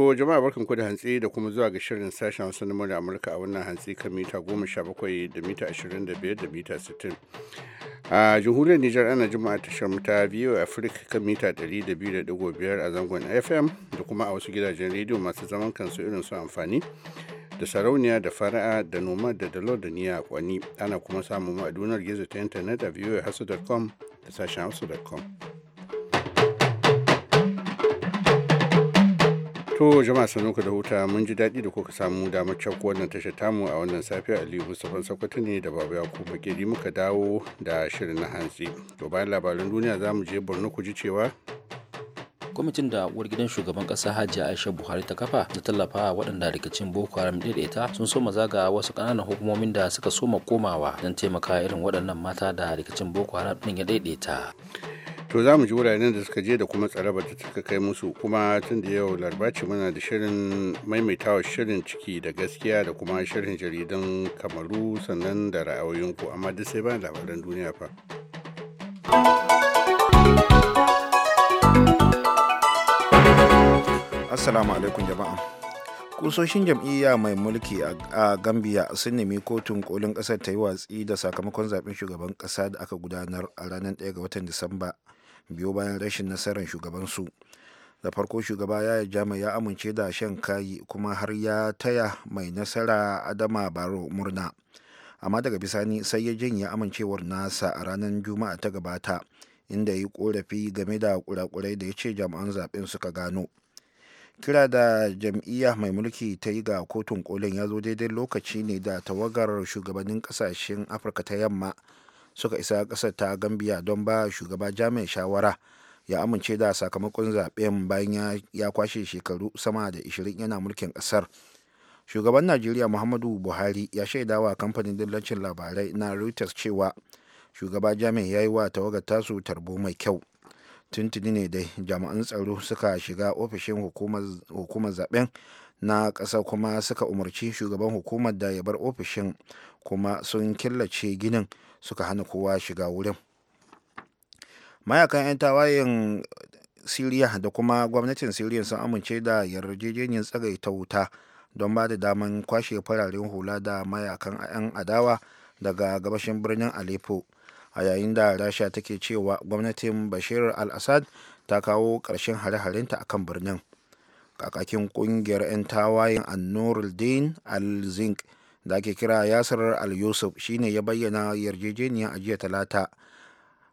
To jama'a barkan ku da hantsi da kuma zuwa ga shirin sashen wasu na murya Amurka a wannan hantsi kan mita 17 da mita 25 da mita 60. A jihuriyar Nijar ana jima'a tashar biyu a Africa kan mita 200.5 a zangon FM da kuma a wasu gidajen rediyo masu zaman kansu irin su amfani da sarauniya da fara'a da noma da dalo da niya kwani ana kuma samun ma'adunar gizo ta intanet a hasu.com da sashen hasu.com To jama'a ka da huta mun ji daɗi da kuka samu damar cakku wannan tashar tamu a wannan safiya Aliyu Mustapha Sokoto ne da Baba Yakubu Bakiri muka dawo da shirin na hantsi. To bayan labarin duniya za mu je Borno ku ji cewa kwamitin da uwar gidan shugaban kasa hajiya aisha buhari ta kafa da tallafa waɗanda rikicin boko haram daidaita sun soma zaga wasu ƙananan hukumomin da suka soma komawa don taimaka irin waɗannan mata da rikicin boko haram ɗin ya daidaita to za mu ji wuraren da suka je da kuma tsarabar da suka kai musu kuma tun da yau larbaci muna da shirin maimaitawa shirin ciki da gaskiya da kuma shirin jaridan kamaru sannan da ra'ayoyinku amma duk sai bayan labaran duniya fa assalamu alaikum jama'a kusoshin jam'iyya mai mulki a gambia sun nemi kotun kolin kasar ta yi watsi da sakamakon zaben shugaban kasa da aka gudanar a ranar 1 ga watan disamba biyo bayan rashin nasarar shugabansu da farko shugaba ya jami'a ya amince da shan kayi kuma har ya taya mai nasara adama baro murna amma daga bisani sai ya janye amincewar nasa a ranar juma'a ta gabata inda ya yi korafi game da kurakurai da ya ce jami'an zaben suka gano kira da jam'iyya mai mulki ta yi ga kotun kolin ya zo daidai lokaci ne da tawagar shugabannin kasashen afirka ta yamma suka isa ƙasar ta gambia don ba shugaba jami'in shawara ya amince da sakamakon zaben bayan ya kwashe shekaru sama da 20 yana mulkin kasar shugaban najeriya muhammadu buhari ya shaidawa kamfanin dillancin labarai na reuters cewa shugaba jami'in ya yi wa tawagar tasu tarbo mai kyau tuntuni ne dai jami'an tsaro suka shiga ofishin hukumar zaben na kasa kuma suka umarci shugaban hukumar da ya bar ofishin kuma sun killace ginin suka hana kowa shiga wurin mayakan 'yan tawayen siriya da kuma gwamnatin siriya sun amince da yarjejeniyar tsagaita wuta don ba da daman kwashe fararen hula da mayakan 'yan adawa daga gabashin birnin aleppo a yayin da rasha take cewa gwamnatin bashir al-assad ta kawo ƙarshen hare-harenta a kan birnin kakakin ƙungiyar 'yan tawayen al din al-zinc al zinc da ake kira yasir al-yusuf shine ya bayyana yarjejeniya a jiya talata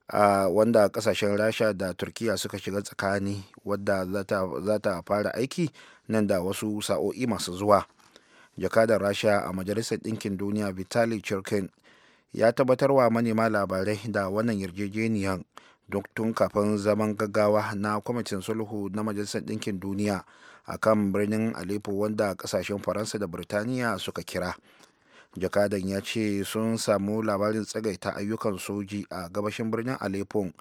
a wanda kasashen rasha da turkiya suka shiga tsakani wadda za ta fara aiki nan da wasu sa'o'i masu zuwa jakadar rasha a majalisar ɗinkin duniya vitali churkin ya tabbatar wa manema labarai da wannan yarjejeniyar duk tun kafin zaman gaggawa na kwamitin sulhu na majalisar ɗinkin duniya a kan birnin aleppo wanda kasashen faransa da birtaniya suka kira jakadan ya ce sun samu labarin tsagaita ayyukan soji a gabashin birnin aleppo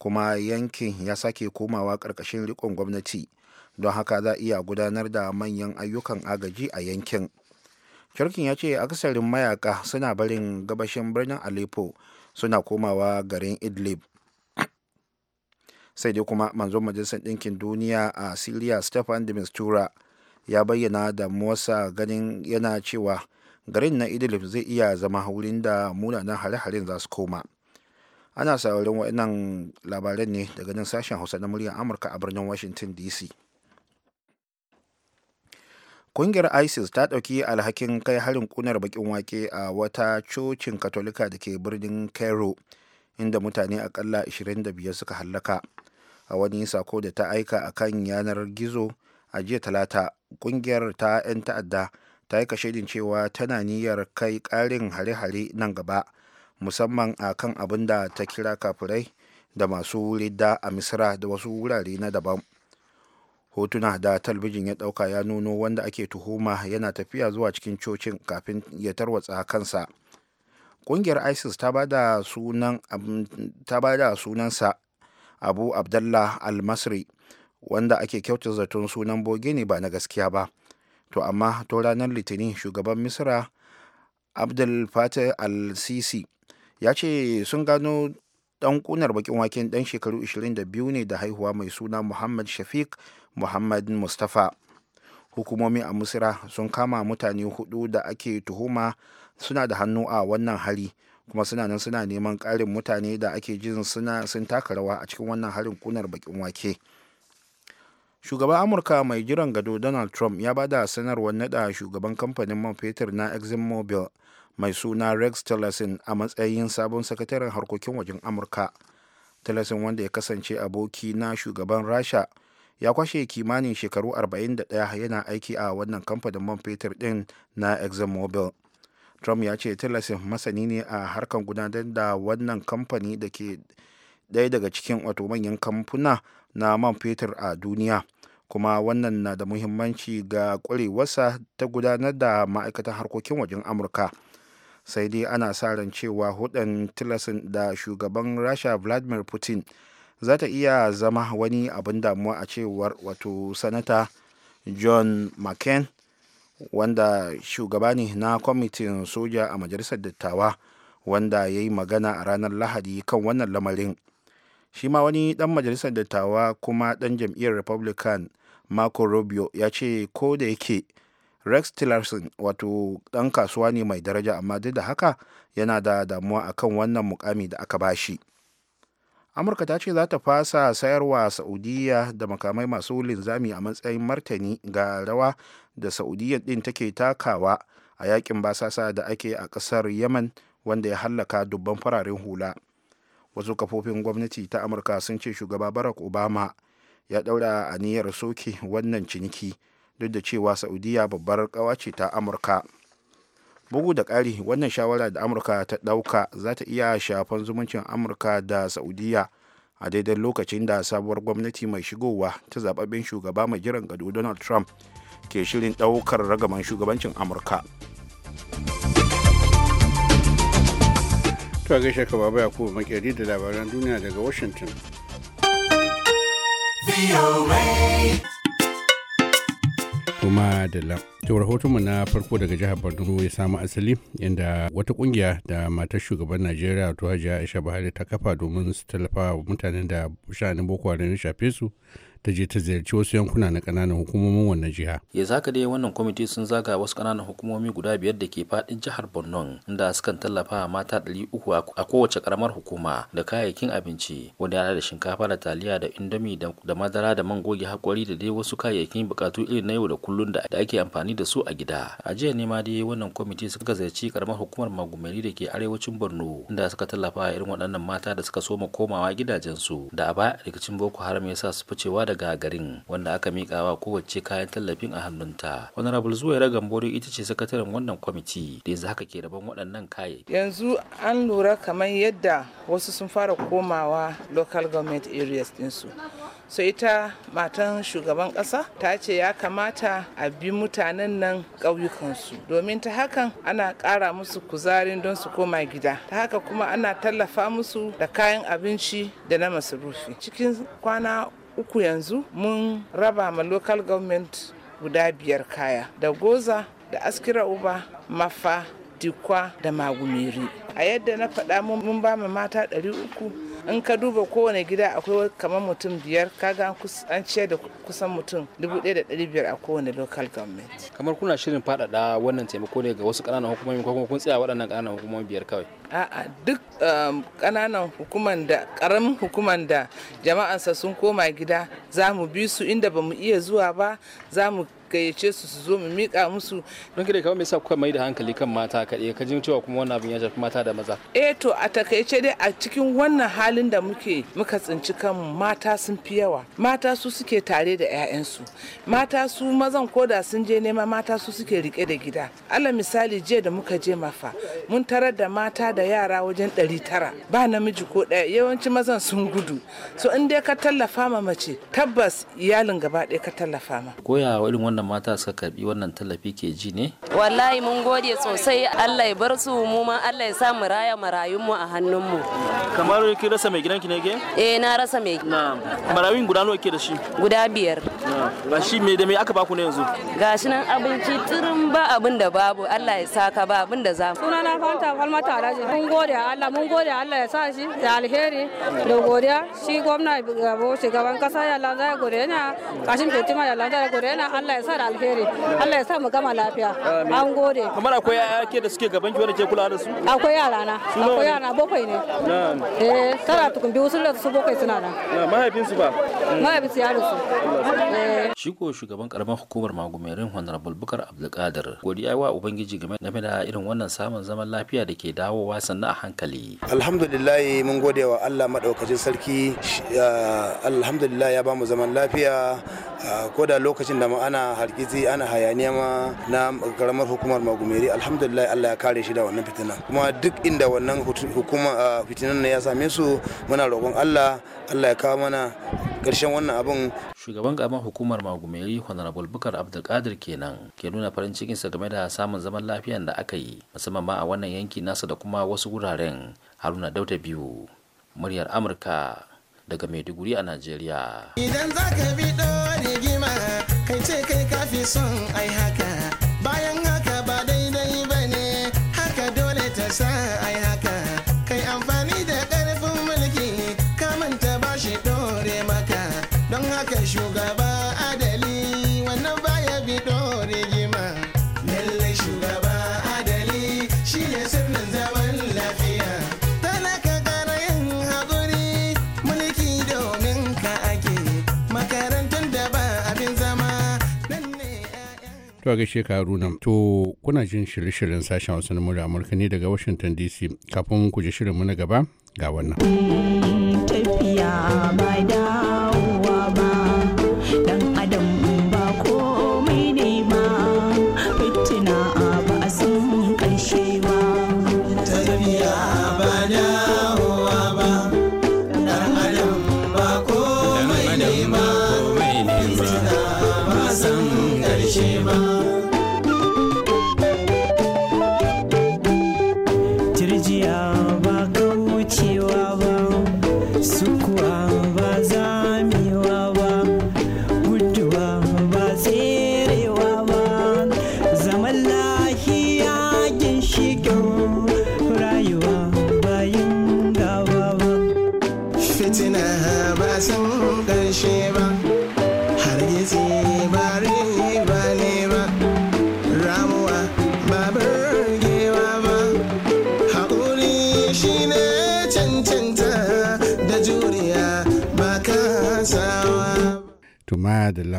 kuma yankin ya sake komawa ƙarƙashin rikon gwamnati don haka za iya gudanar da manyan ayyukan agaji a yankin kirkin ya ce akasarin mayaka suna barin gabashin birnin aleppo suna komawa garin idlib sai dai kuma manzon majalisar ɗinkin duniya a siriya stefan de mistura ya bayyana da musa ganin yana cewa garin na idlib zai iya zama wurin da munanan hare-haren za su koma ana sauraron waɗannan labaran ne daga nan sashen hausa na muryar amurka a birnin washington dc kungiyar isis ta ɗauki alhakin kai harin kunar bakin wake a wata cocin katolika da ke birnin cairo inda mutane akalla 25 suka hallaka a wani sako da ta aika a kan yanar gizo a jiya talata kungiyar ta 'yan ta'adda ta yi shaidin cewa tana niyyar kai karin hare-hare nan gaba musamman a kan abin da ta kira kafurai da masu ridda a misira da wasu wurare na daban hotuna da talbijin ya dauka ya nuno wanda ake tuhuma yana tafiya zuwa cikin cocin kafin ya tarwatsa kansa ƙungiyar isis ta ba da sunansa abu abdullah almasri wanda ake kyauta zaton sunan boge ne ba na gaskiya ba to amma to ranar litinin shugaban misra abdul fatah al-sisi ya ce sun gano dan kunar bakin waken dan shekaru 22 ne da haihuwa mai suna muhammad shafiq muhammad mustapha hukumomi a misra sun kama mutane hudu da ake tuhuma suna da hannu a wannan hari kuma suna nan suna neman ƙarin mutane da ake jin suna sun taka rawa a cikin wannan harin kunar bakin wake shugaban amurka mai jiran gado donald trump ya bada sanarwar nada shugaban kamfanin man fetur na exxonmobil mai suna rex tillerson a matsayin sabon sakataren harkokin wajen amurka tillerson wanda ya kasance aboki na shugaban rasha ya kwashe kimanin shekaru 41 yana aiki a wannan kamfanin man fetur din na exxonmobil mobil trump ya ce tillerson masani ne a harkar gudanar da wannan kamfani da ke ɗaya daga cikin wato manyan kamfuna na man fetur a duniya kuma wannan na da muhimmanci ga kwarewarsa ta gudanar da ma'aikatan harkokin wajen amurka sai dai ana sa ran cewa hudun tillerson da shugaban rasha vladimir putin za ta iya zama wani abin damuwa a cewar wato sanata john mccain wanda shugaba ne na kwamitin soja a majalisar dattawa wanda ya yi magana a ranar lahadi kan wannan lamarin shi ma wani dan majalisar dattawa kuma dan jam'iyyar republican marco rubio ya ce ko da yake rex tillerson wato dan kasuwa ne mai daraja amma duk da haka yana da damuwa akan wannan mukami da aka bashi. shi amurka ta ce za ta fasa sayarwa saudiya da makamai masu linzami a matsayin martani ga rawa da saudiya din take takawa a yakin basasa da ake a kasar yaman wanda ya hallaka dubban fararen hula wasu kafofin gwamnati ta amurka sun ce shugaba barack obama ya ɗaura aniyar soke wannan ciniki duk da cewa saudiya babbar ƙawa ce ta amurka bugu da ƙari wannan shawara da amurka ta ɗauka za ta iya shafan zumuncin amurka da saudiya a daidai lokacin da sabuwar gwamnati mai shigowa ta zababin shugaba mai jiran gado donald trump ke shirin ɗaukar ragaman shugabancin amurka gaishe ka baba koma makeri da labaran duniya daga washington kuma da lam to rahotonmu na farko daga jihar borno ya samu asali inda wata kungiya da matar shugaban najeriya to hajiya aisha buhari ta kafa domin su tallafa wa mutanen da sha'anin boko haram ya shafe su ta je ta ziyarci wasu yankuna na kananan hukumomin wannan jiha. Ya zaka dai wannan kwamiti sun zaga wasu kananan hukumomi guda biyar da ke fadin jihar Borno inda sukan tallafa mata ɗari uku a kowace karamar hukuma da kayayyakin abinci wanda yana da shinkafa da taliya da indomi da madara da man goge hakori da dai wasu kayayyakin bukatu irin na yau da kullum da ake amfani da su a gida. A jiya ne ma dai wannan kwamiti suka ziyarci karamar hukumar Magumeri da ke arewacin Borno inda suka tallafa irin waɗannan mata da suka soma komawa gidajensu da a baya rikicin Boko Haram ya sa su ficewa daga garin wanda aka mika wa kowace kayan tallafin a hannunta honorable zuwaira gambori ita ce sakataren wannan kwamiti da yanzu haka ke rabon waɗannan kaya yanzu an lura kamar yadda wasu sun fara komawa local government areas ɗinsu so ita matan shugaban ƙasa ta ce ya kamata a bi mutanen nan ƙauyukansu domin ta hakan ana ƙara musu kuzarin don su koma gida ta haka kuma ana tallafa musu da kayan abinci da na masarufi cikin kwana uku yanzu mun raba ma local government guda biyar kaya da goza da askira uba mafa dikwa da magumiri a yadda na faɗa mun ba mata 300 in ka duba kowane gida akwai kamar mutum biyar kaga an ciyar da kusan mutum dubu da biyar a kowane local government kamar kuna shirin faɗaɗa wannan taimako ne ga wasu ƙananan hukumomi ko kuma kun tsaya waɗannan ƙananan hukumomi biyar kawai a'a duk kananan um, hukuman da ƙaramin hukuman da jama'ansa sun koma gida za mu bi su inda ba mu iya zuwa ba za mu gayyace su su zo mu mika musu don kire kawai me yasa kuka mai da hankali kan mata kaɗai ka ji cewa kuma wannan abin ya shafi mata da maza eh to a takaice dai a cikin wannan halin da muke muka tsinci kan mata sun fi yawa mata su suke tare da 'ya'yansu mata su mazan ko da sun je nema mata su suke rike da gida ala misali jiya da muka je mafa mun tarar da mata da yara wajen 900 ba namiji ko ɗaya yawanci mazan sun gudu so in dai ka tallafa ma mace tabbas iyalin gaba ɗaya ka tallafa ma koya irin wannan da mata suka karbi wannan tallafi ke ji ne? Wallahi mun gode sosai Allah ya bar su mu ma Allah ya sa mu raya marayun mu a hannun mu. Kamar ki rasa mai gidanki ne ke? Eh na rasa mai. Na marayun guda nawa ke da shi? Guda biyar. Ga shi me da me aka baku ne yanzu? Gashi nan abinci turin ba abin da babu Allah ya saka ba abin da za mu. Sunana Fanta Falmata Alhaji. Mun gode Allah mun gode Allah ya sa shi da alheri da godiya shi gwamna gabo shugaban kasa ya lanza ya gode yana kashin fitima ya lanza ya gode yana Allah ya kasar alheri Allah ya sa mu gama lafiya an gode kamar akwai yaya ke da suke gaban ki wanda ke kula da su akwai yara na akwai yara bakwai ne eh tara tukun biyu sun da su bakwai suna nan mahaifinsu ba shiko Shi ko shugaban karamar hukumar magumerin Honorable Bukar Abdulkadir godiya wa Ubangiji game da irin wannan samun zaman lafiya da ke dawowa sannan a hankali. Alhamdulillah mun gode wa Allah maɗaukacin sarki alhamdulillah ya bamu zaman lafiya ko da lokacin da ana hargitsi ana hayaniya ma na karamar hukumar magumeri alhamdulillah Allah ya kare shi da wannan fitina kuma duk inda wannan hukuma fitinan ya same su muna roƙon Allah Allah ya kawo mana ƙarshen wannan abin shugaban gaban hukumar magumeri honorable bukar abdulkadir kenan ke nuna farin cikinsa game da samun zaman lafiyar da aka yi musamman ma a wannan yanki nasa da kuma wasu wuraren haruna dauta biyu muryar amurka daga maiduguri a nigeria. idan za ka bi rigima kai ce kai kafi son ai haka To gaishe ka Haruna. Mm. To kuna jin shirye-shiryen sashen wasu na murya Amurka ne daga Washington DC. Kafin ku ji shirin mu na gaba ga wannan. Tafiya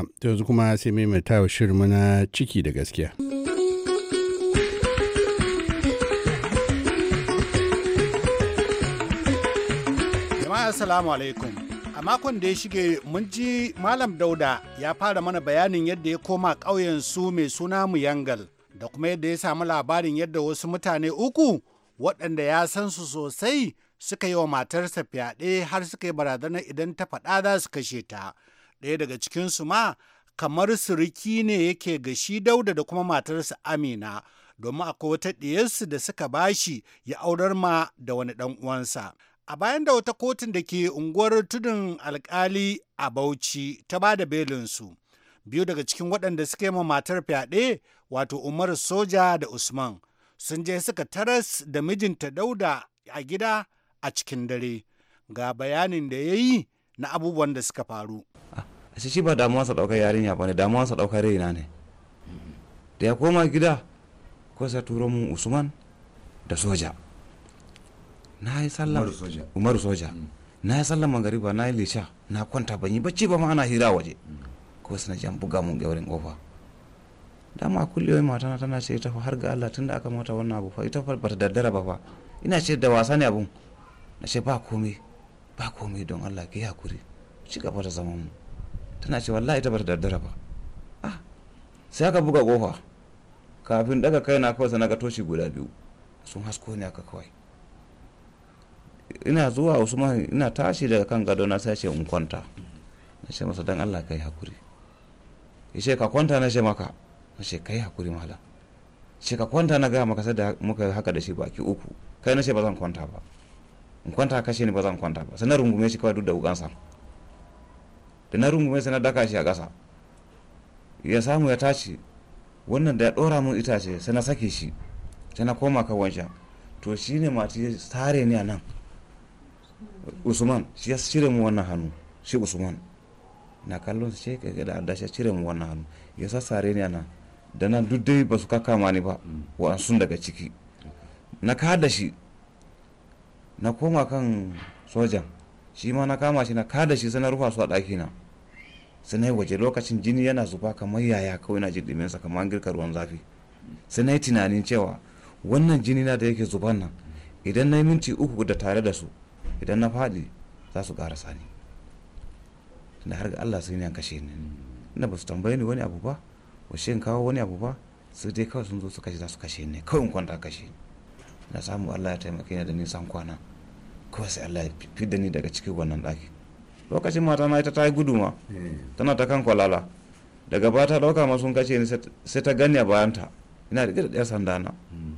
madalla to yanzu kuma sai mai wa shirinmu na ciki da gaskiya jama'a assalamu alaikum a makon da ya shige mun ji malam dauda ya fara mana bayanin yadda ya koma ƙauyen su mai suna muyangal da kuma yadda ya samu labarin yadda wasu mutane uku waɗanda ya san su sosai suka yi wa matarsa fyaɗe har suka yi barazana idan ta faɗa za su kashe ta ɗaya daga cikinsu ma kamar suriki ne yake ga shi dauda da kuma matarsa amina domin akwai wata ɗiyarsu da suka bashi ya aurar ma da wani ɗan uwansa a bayan da wata kotun da ke unguwar tudun alkali a bauchi ta ba da belinsu biyu daga cikin waɗanda suka yi ma matar fyaɗe wato umar soja da usman sun je suka taras da mijinta dauda a gida a cikin dare ga bayanin da ya yi na abubuwan da suka faru a ce shi ba damuwa sa daukar yarinya ba ne damuwa sa daukar raina ne da ya koma gida ko sa turo mun usman da soja na yi sallah umaru soja mm. na yi sallah magariba na yi lisha na kwanta ban yi bacci ba ma ana hira waje mm. ko na jan buga mun gaurin kofa dama kullewai matana tana ce ita har ga Allah tunda aka mata wannan abu fa ita fa bata daddara ba fa ina ce da wasa ne abun na ce ba komai ba komai don Allah ki hakuri ci gaba da zaman mu tana ce wallahi ta bar daddara ba ah sai aka buga kofa kafin daga kai na kawai sana ga toshi guda biyu sun hasko ne aka kawai ina zuwa wasu ma ina tashi daga kan gado na sai ce in kwanta na ce masa dan Allah kai hakuri yace ka kwanta na ce maka na ce kai hakuri mala ce ka kwanta na gaya maka sai da muka haka da shi baki uku kai na ce ba zan kwanta ba in kwanta kashe ni ba zan kwanta ba sanar rungume shi kawai duk da wukansa da na rungume sa na daka shi a ƙasa ya samu ya tashi wannan da ya ɗora mun itace sai na sake shi sai na koma kan wancan to shi ne mati ya tare ni a nan usman shi ya cire mu wannan hannu shi usman na kallon shi ka ga da shi ya cire mu wannan hannu ya sassare ni a nan da nan duk dai ba su kakama ni ba sun daga ciki na kada shi na koma kan sojan shi ma na kama shi na kada shi sai na rufa su a ɗakina sai na yi waje lokacin jini yana zuba kamar yaya kawai na jin ɗuminsa kamar an girka ruwan zafi sai na yi tunanin cewa wannan jini na da yake zuban nan idan na yi minti uku da tare da su idan na faɗi za su sani da har ga Allah sai an kashe ni ina ba su tambaye ni wani abu ba ba kawo wani abu ba su dai kawai sun zo su kashe za su kashe ni kawai kwanta kashe ni na samu Allah ya taimake ni da nisan kwana kawai sai Allah ya fi da ni daga cikin wannan ɗakin lokacin mata na ita ta yi guduma hmm. tana ta kan kwalala daga ba ta dauka ma sun kace sai ta gani a bayanta ina da ɗaya sanda na hmm.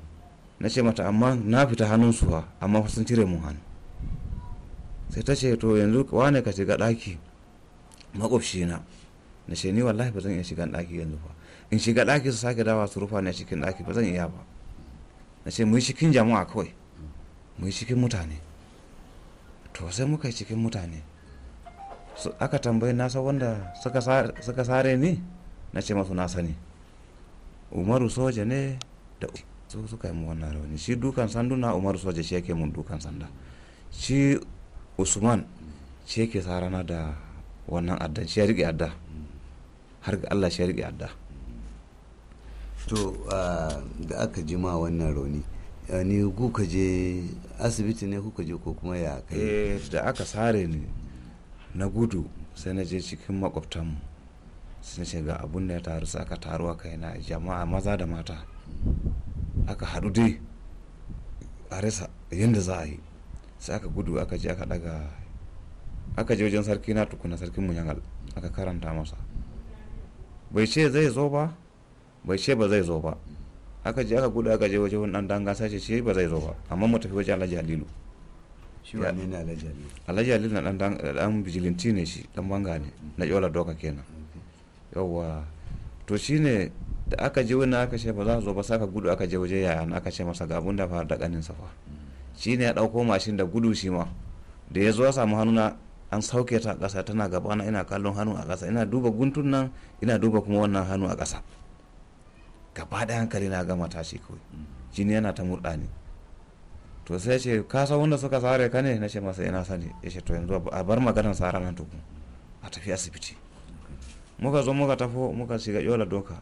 na ce mata amma na fita hannun amma fa amma sun cire mu hannu sai ta ce to yanzu wane ka shiga ɗaki makwabci na na ce ni wallahi ba zan iya shiga ɗaki yanzu ba in shiga ɗaki su sake dawa su rufa ne cikin ɗaki ba zan iya ba na ce mu yi cikin jama'a kawai mu yi cikin mutane to sai muka yi cikin mutane aka tambayi nasa wanda suka sare ni na ce masu nasa ne umaru soja ne da su suka yi wannan rauni shi dukan sanduna umaru soja shi yake mun dukan sanda shi usman shi yake sarana da wannan addan shi ya riƙe adda har ga allah shi ya riƙe adda to da aka ji ma wannan rauni ni kuka je asibiti ne kuka je ko kuma ya kai eh, da aka sare ni na gudu sai na je cikin makwabtanmu sun na shiga abun da ya taru sai aka taru a kaina jama'a maza da mata aka haɗu dai a rasa yadda za a yi sai aka gudu aka je aka daga aka je wajen sarki na tukuna sarkin munyangal aka karanta masa bai ce zai zo ba bai ce ba zai zo ba aka je aka gudu aka je wajen wani dan danga sace ce ba zai zo ba amma mu tafi wajen alhaji halilu shi wane ne alhaji ali na dan dan ne shi dan banga ne na yola doka kenan yawwa to shine da aka je wani aka ce ba za su zo ba saka gudu aka je waje yayan aka ce masa ga abun da fara da kanin safa mm. shine ya dauko mashin da gudu shi ma da ya zo ya samu hannuna an sauke ta a ƙasa tana gabana ina kallon hannu a ƙasa ina duba guntun nan ina duba kuma wannan hannu a ƙasa gaba da hankali na ga tashi kawai mm. jini yana ta murɗa ne to sai ce ka wanda suka sare ka ne na ce masa yana sani ya ce to yanzu a bar maganar sara nan tukun a tafi asibiti muka zo muka tafo muka shiga yola doka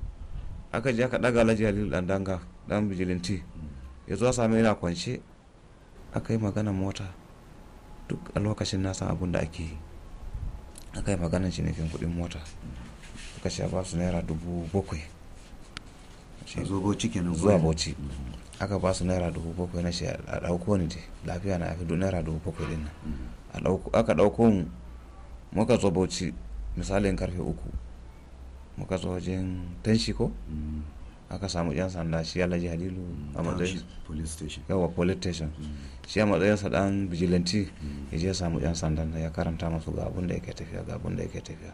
aka je aka daga alhaji halilu dan danga dan bijilinti ya zo sami yana kwance aka yi maganar mota duk a lokacin na san da ake yi aka yi maganar cinikin kuɗin mota suka ce ba su naira dubu bakwai zuwa bauchi zuwa bauchi mm. aka ba su naira dubu bakwai na shi a ɗauko ni lafiya na fi naira dubu bakwai din nan aka ɗauko mu muka zo bauchi misalin karfe uku muka zo wajen tanshi ko mm. aka samu yan sanda shi laji halilu a matsayin yawa police station mm. shi a matsayin sa dan vigilante mm. ya je samu yan sandan ya karanta masu ga abun da yake tafiya ga abun da yake tafiya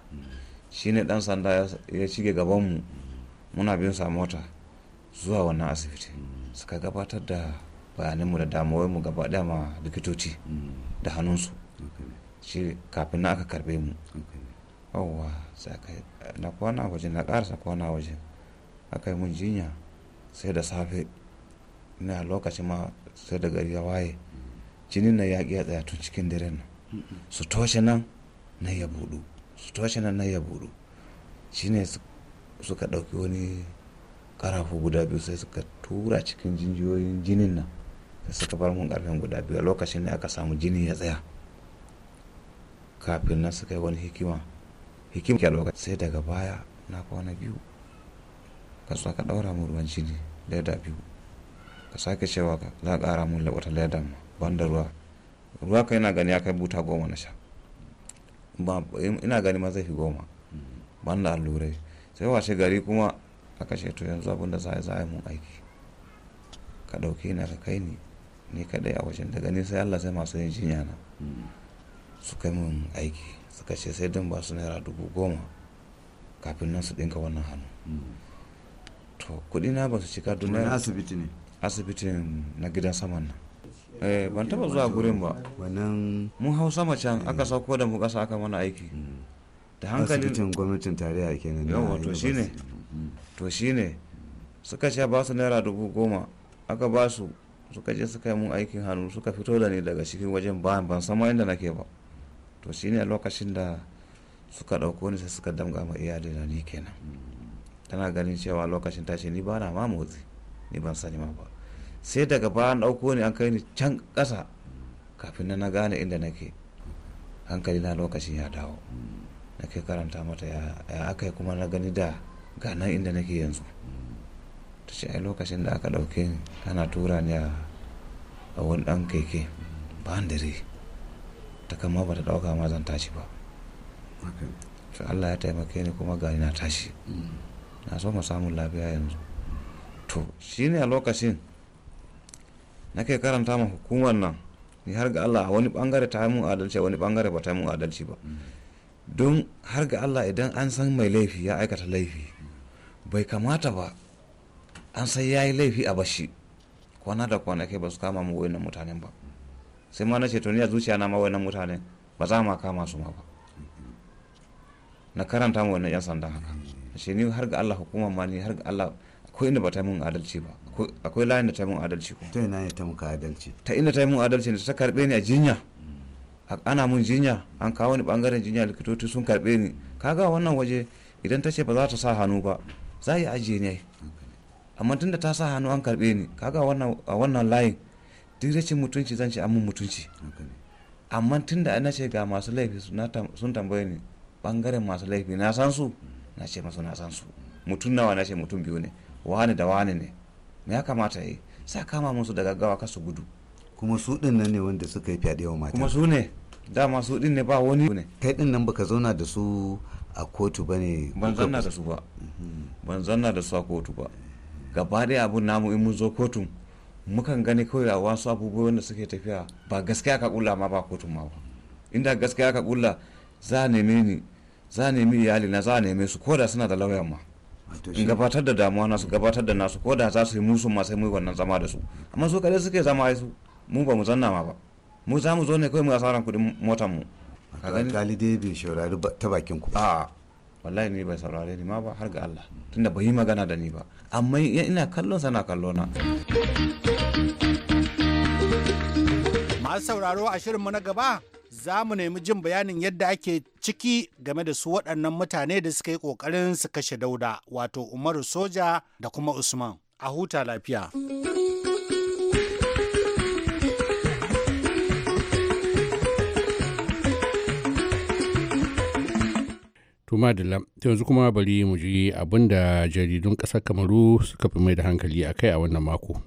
shi ne dan sanda ya shige gaban mu muna bin sa mota zuwa wannan asibiti suka gabatar da bayaninmu da mu gaba daya ma likitoci da hannunsu shi kafin na aka karbe mu yawwa na kwana waje na karasa kwana waje aka yi mun jinya sai da safe na lokacin ma sai da gari ya waye jinin na yaƙi ya tsaya tun cikin dare nan su toshe nan na ya budu su toshe nan na ya budu shine suka ɗauki wani karafu guda biyu sai suka tura cikin jinjiyoyin jinin nan da suka bar mun karfin guda biyu lokacin da aka samu jini ya tsaya kafin nan suka yi wani hikima hikima ke lokacin sai daga baya na kwana biyu ka tsaka ka daura mu ruwan jini leda biyu ka sake cewa za a kara mun labata ledan banda ruwa ruwa ka yana gani ya kai buta goma na sha ina gani ma zai fi goma mm-hmm. banda allurai sai washe gari kuma aka kashe to yanzu abin da za a yi mun aiki ka ɗauke na ka kai ni ni kaɗai a wajen daga ni sai allah sai masu yin jinya na su kai min aiki suka ce sai don ba su naira dubu goma kafin nan su ɗinka wannan hannu to kuɗi na ba su cika dunar asibiti ne asibitin na gidan saman nan eh ban taba zuwa gurin ba wannan mun hau sama can aka sauko da mu ƙasa aka mana aiki da hankali asibitin gwamnatin tarayya kenan yawa to shine to shine suka ce ba su naira dubu goma aka ba su suka je suka yi mun aikin hannu suka fito da ni daga cikin wajen bayan ban san ma inda nake ba to shine lokacin da suka dauko ni sai suka damga ma iyali na ni kenan tana ganin cewa lokacin ta ce ni ba na ma motsi ni ban sani ma ba sai daga bayan dauko ni an kai ni can kasa kafin na na gane inda nake hankali na lokacin ya dawo na kai karanta mata ya aka yi kuma na gani da ganan inda nake yanzu ta ce a lokacin da aka ɗauke ana tura ni a wani ɗan keke ba da rai ta kama ba ta ɗauka ma zan tashi ba to allah ya taimake ni kuma gani na tashi mm. na so mu samun lafiya yanzu to shine a lokacin nake karanta ma hukumar nan ni har ga allah wani bangare ta mun adalci wani bangare ba ta mun adalci ba mm. don har ga allah idan an san mai laifi ya aikata laifi bai kamata ba an sai ya yi laifi a bashi kwana da kwanakai ba su kama mu wayannan mutanen ba sai ma na ce ni a zuciya na ma wayannan mutanen ba za ma kama su ma ba na karanta mu wannan yan sanda haka shi ni har ga Allah hukuma ma ni har ga Allah akwai inda ba ta mun adalci ba akwai layin da ta mun adalci ko ta ina ta muka adalci ta ina ta mun adalci ne ta karbe ni a jinya ana mun jinya an kawo ni bangaren jinya likitoci sun karbe ni kaga wannan waje idan ta ce ba za ta sa hannu ba za yi ajiye ne amma tun da ta sa hannu an karbe ni kaga a wannan layin duk ce mutunci zan ce amma mutunci amma tun da na ce ga masu laifi sun tambaye ni bangaren masu laifi na san su na ce masu na san su mutum nawa na ce mutum biyu ne wani da wani ne me ya kamata yi sa kama musu da gaggawa kasu gudu kuma su din nan ne wanda suka yi fyaɗe wa mata kuma su ne dama su din ne ba wani ne kai din nan baka zauna da su a kotu ba ne ban zanna da su ba mhm. ban zanna da su a kotu ba gaba ɗaya abun namu in mun zo kotun mukan gani kawai a wasu abubuwa wanda suke tafiya ba gaskiya ka kula ma ba kotun ma ba inda gaskiya ka kula za a neme ni za a nemi iyali na za a neme su koda suna da lauyan ma in gabatar da damuwa na su gabatar da nasu koda za su yi musu ma sai mu wannan zama da su amma su kadai suke zama a su mu ba mu zanna ma ba mu za mu zo ne kawai mu asaran kuɗin motar mu alkali dai bai shaurari ta bakin ku a wallahi ni bai saurare ni ma ba har ga Allah tunda bai yi magana da ni ba amma ina kallon sana kallo na masu sauraro a shirinmu na gaba za mu nemi jin bayanin yadda ake ciki game da su waɗannan mutane da suka yi ƙoƙarin su kashe dauda wato umaru soja da kuma usman a huta lafiya. To madalla, yanzu kuma bari mu ji abin da jaridun ƙasar Kamaru suka fi mai da hankali a kai a wannan mako.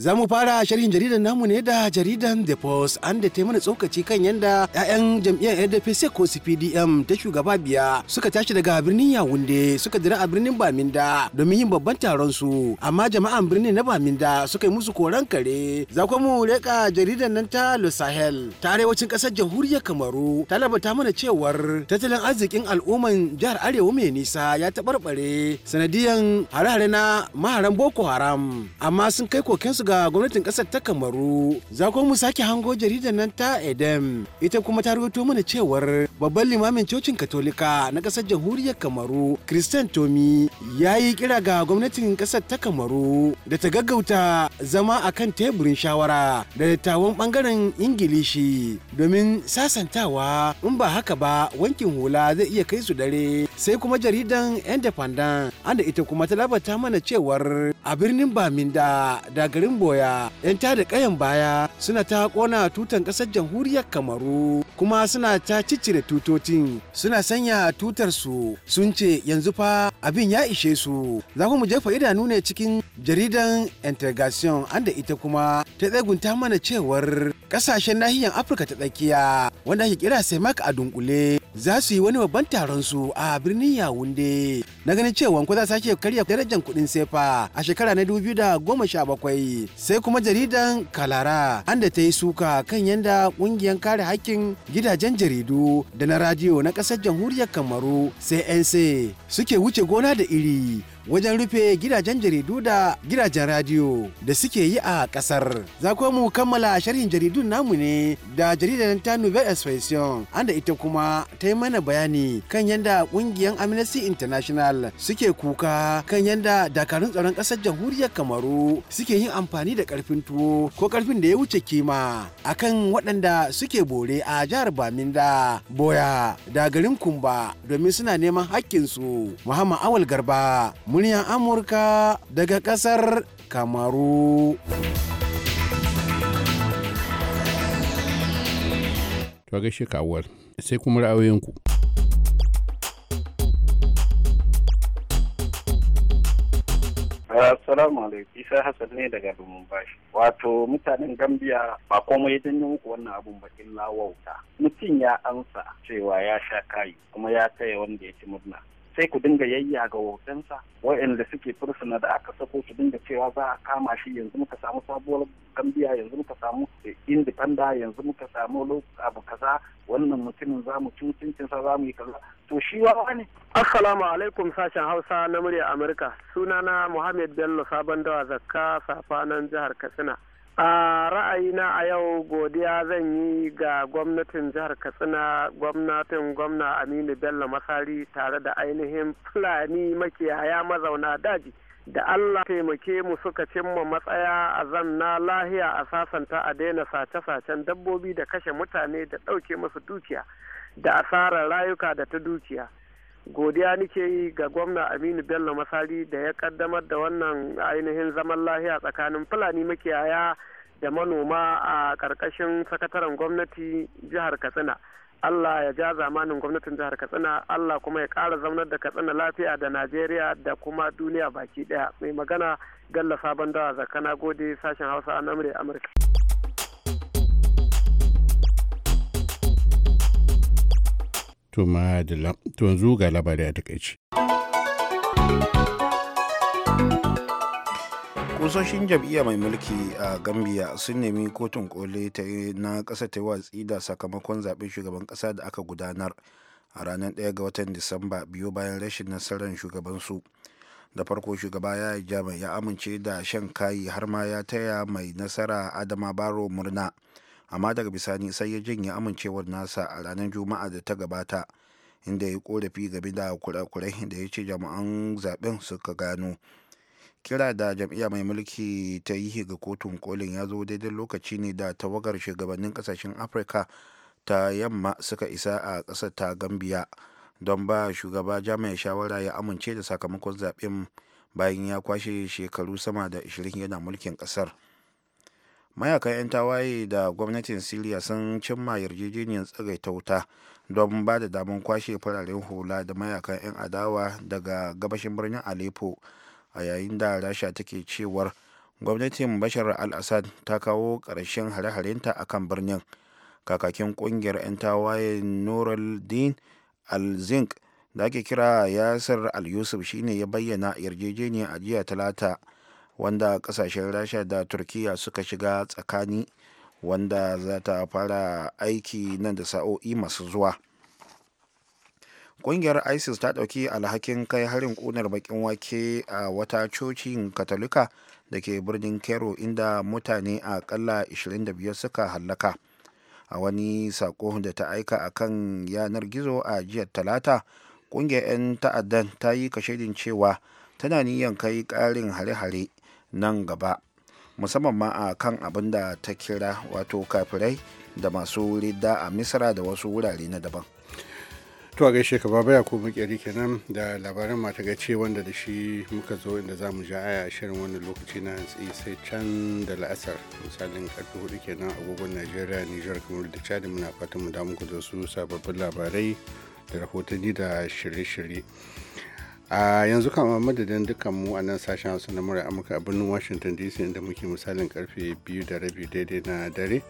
Za mu fara sharhin jaridan namu ne da jaridan The Post an da ta mana tsokaci kan yadda 'ya'yan jam'iyyar NDPC ko CPDM ta shugaba biya suka tashi daga birnin Yawunde suka jira a birnin Baminda domin yin babban taron su amma jama'an birnin na Baminda suka yi musu koran kare. Za ku mu reka jaridan nan ta Los Sahel ta arewacin ƙasar jamhuriyar Kamaru ta labata mana cewar tattalin arzikin al'umman jihar Arewa mai nisa ya taɓarɓare sanadiyan hare-hare na maharan Boko Haram amma sun kai kokensu ga gwamnatin ƙasar ta Kamaru. Za mu sake hango jaridar nan ta Edem. Ita kuma ta rubuto mana cewar babban limamin cocin Katolika na ƙasar jamhuriyar Kamaru, Christian Tomi, ya yi kira ga gwamnatin ƙasar ta Kamaru da ta gaggauta zama a kan teburin shawara da dattawan bangaren Ingilishi domin sasantawa in ba haka ba wankin hula zai iya kai su dare sai kuma jaridan independent anda ita kuma ta labata mana cewar a birnin baminda da garin boya 'yan ta da kayan baya suna ta kona tutan kasar jamhuriyar kamaru kuma suna ta ciccire tutotin suna sanya tutar su sun ce yanzu fa abin ya ishe su za mu jefa idanu ne cikin jaridan integration an da ita kuma ta tsegunta mana cewar kasashen nahiyar afirka ta tsakiya wanda ake kira semak a dunkule za su yi wani babban taron su a birnin yawunde na ganin cewa ko za sake karya darajar kudin sefa a shekara na 2017 sai kuma jaridan kalara anda ta yi suka kan yadda kungiyar kare hakkin gidajen jaridu da na radiyo na ƙasar jamhuriyar kamaru sai suke wuce gona da iri wajen rufe gidajen jaridu da gidajen radiyo da suke yi a kasar. Za mu kammala sharhin jaridun namu ne da jaridar ta Nouvelle Expression, anda ita kuma ta yi mana bayani kan yadda kungiyar Amnesty International suke kuka kan yadda dakarun tsaron kasar jamhuriyar Kamaru suke yin amfani da karfin tuwo ko karfin da ya wuce kima akan waɗanda suke bore a jihar Baminda, Boya da garin Kumba domin suna neman hakkinsu. Muhammad Awal Garba, mun muryar Amurka daga kasar Kamaru. To gaishe kawar sai kuma ra'ayoyinku. Assalamu alaikum Isa Hassan ne daga Lumumbashi. Wato mutanen Gambia ba komai yi muku wannan abun ba illa wauta. Mutum ya ansa cewa ya sha kayi kuma ya taya wanda ya ci murna. sai ku dinga yayya ga hotonsa wa'anda suke fursuna da aka sako su dinga cewa za a kama shi yanzu muka samu sabuwar gambiya yanzu muka samu indipenda yanzu muka samu abu kaza wannan mutumin za mu tuntuncinsa za mu yi kaza to shi wawa ne. assalamu alaikum sashen hausa na murya amurka sunana muhammed bello sabon dawa zakka safanan jihar katsina. a ra'ayina a yau godiya zan yi ga gwamnatin jihar katsina gwamnatin gwamna aminu bello masari tare da ainihin fulani makiyaya mazauna daji da allah taimake mu suka cimma matsaya a zanna lahiya a sasanta a daina sace-sacen dabbobi da kashe mutane da ɗauke musu dukiya da asarar rayuka da ta dukiya godiya nike yi ga gwamna aminu bello masari da ya kaddamar da wannan ainihin zaman lahiya tsakanin fulani makiyaya da manoma a ƙarƙashin sakataren gwamnati jihar katsina allah ya ja zamanin gwamnatin jihar katsina allah kuma ya kara zaunar da katsina lafiya da najeriya da kuma duniya baki daya mai magana galla sabon dawa zakana gode sashen hausa na amurka To ma da to yanzu ga labari a takaici. kusoshin jam'iyya mai mulki a gambia sun nemi kotun koli ta na kasa ta watsi da sakamakon zaɓen shugaban ƙasa da aka gudanar a ranar 1 ga watan disamba biyu bayan rashin nasarar shugabansu da farko shugaba ya jami ya amince da shan kayi har ma ya taya mai nasara adama baro murna amma daga bisani sai ya janye amincewar nasa a ranar juma'a da ta gabata inda ya korafi game da kurakurai da ya ce jami'an zaben suka gano kira da jam'iyya mai mulki ta yi ga kotun kolin ya zo daidai lokaci ne da tawagar shugabannin kasashen afirka ta yamma suka isa a ƙasar ta gambiya don ba shugaba jami'ai shawara ya amince da sakamakon zaben bayan ya kwashe shekaru sama da 20 yana mulkin ƙasar. mayakan 'yan tawaye da gwamnatin siriya sun cimma yarjejeniyar tsagaita wuta don ba da damar kwashe fararen hula da mayakan 'yan adawa daga gabashin birnin aleppo a yayin da rasha take cewar gwamnatin bashar al-assad ta kawo ƙarshen hare-harenta a kan birnin kakakin ƙungiyar 'yan tawaye din al-zink da ake kira yasir al-yusuf shine ya bayyana yarjejeniyar ajiya talata wanda kasashen rasha da turkiya suka shiga tsakani wanda za ta fara aiki nan da sa'o'i masu zuwa kungiyar isis ta ɗauki alhakin kai harin ƙunar bakin wake a wata cocin katolika da ke birnin cairo inda mutane a ƙalla 25 suka hallaka a wani sako da ta aika a kan yanar gizo a jiya talata kungiyar 'yan ta'addan ta yi kashedin cewa tana niyan kai ƙarin hare-hare nan gaba musamman ma a kan abin da ta kira wato kafirai da masu ridda a misra da wasu wurare na daban to a gaishe ka baba ya kuma kyari kenan da labarin mata gace wanda da shi muka zo inda za mu ja aya shirin wannan lokaci na hantsi sai can da la'asar misalin karfe hudu kenan agogon najeriya nijar kamar da chad muna fatan mu da muku da su sababbin labarai da rahotanni da shirye-shirye a yanzu kama madadin dukkan mu a nan sashen hausa na murar amurka a birnin washington dc inda muke misalin karfe biyu da rabi daidai na dare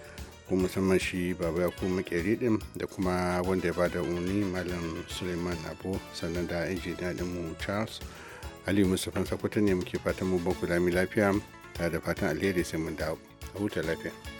ko musamman shi baba ya ku makeri din da kuma wanda ya bada umarni malam suleiman abu sannan da injiniya din mu charles aliyu mustapha sakwata ne muke fatan mu baku lami lafiya tare da fatan alheri sai mun dawo a huta lafiya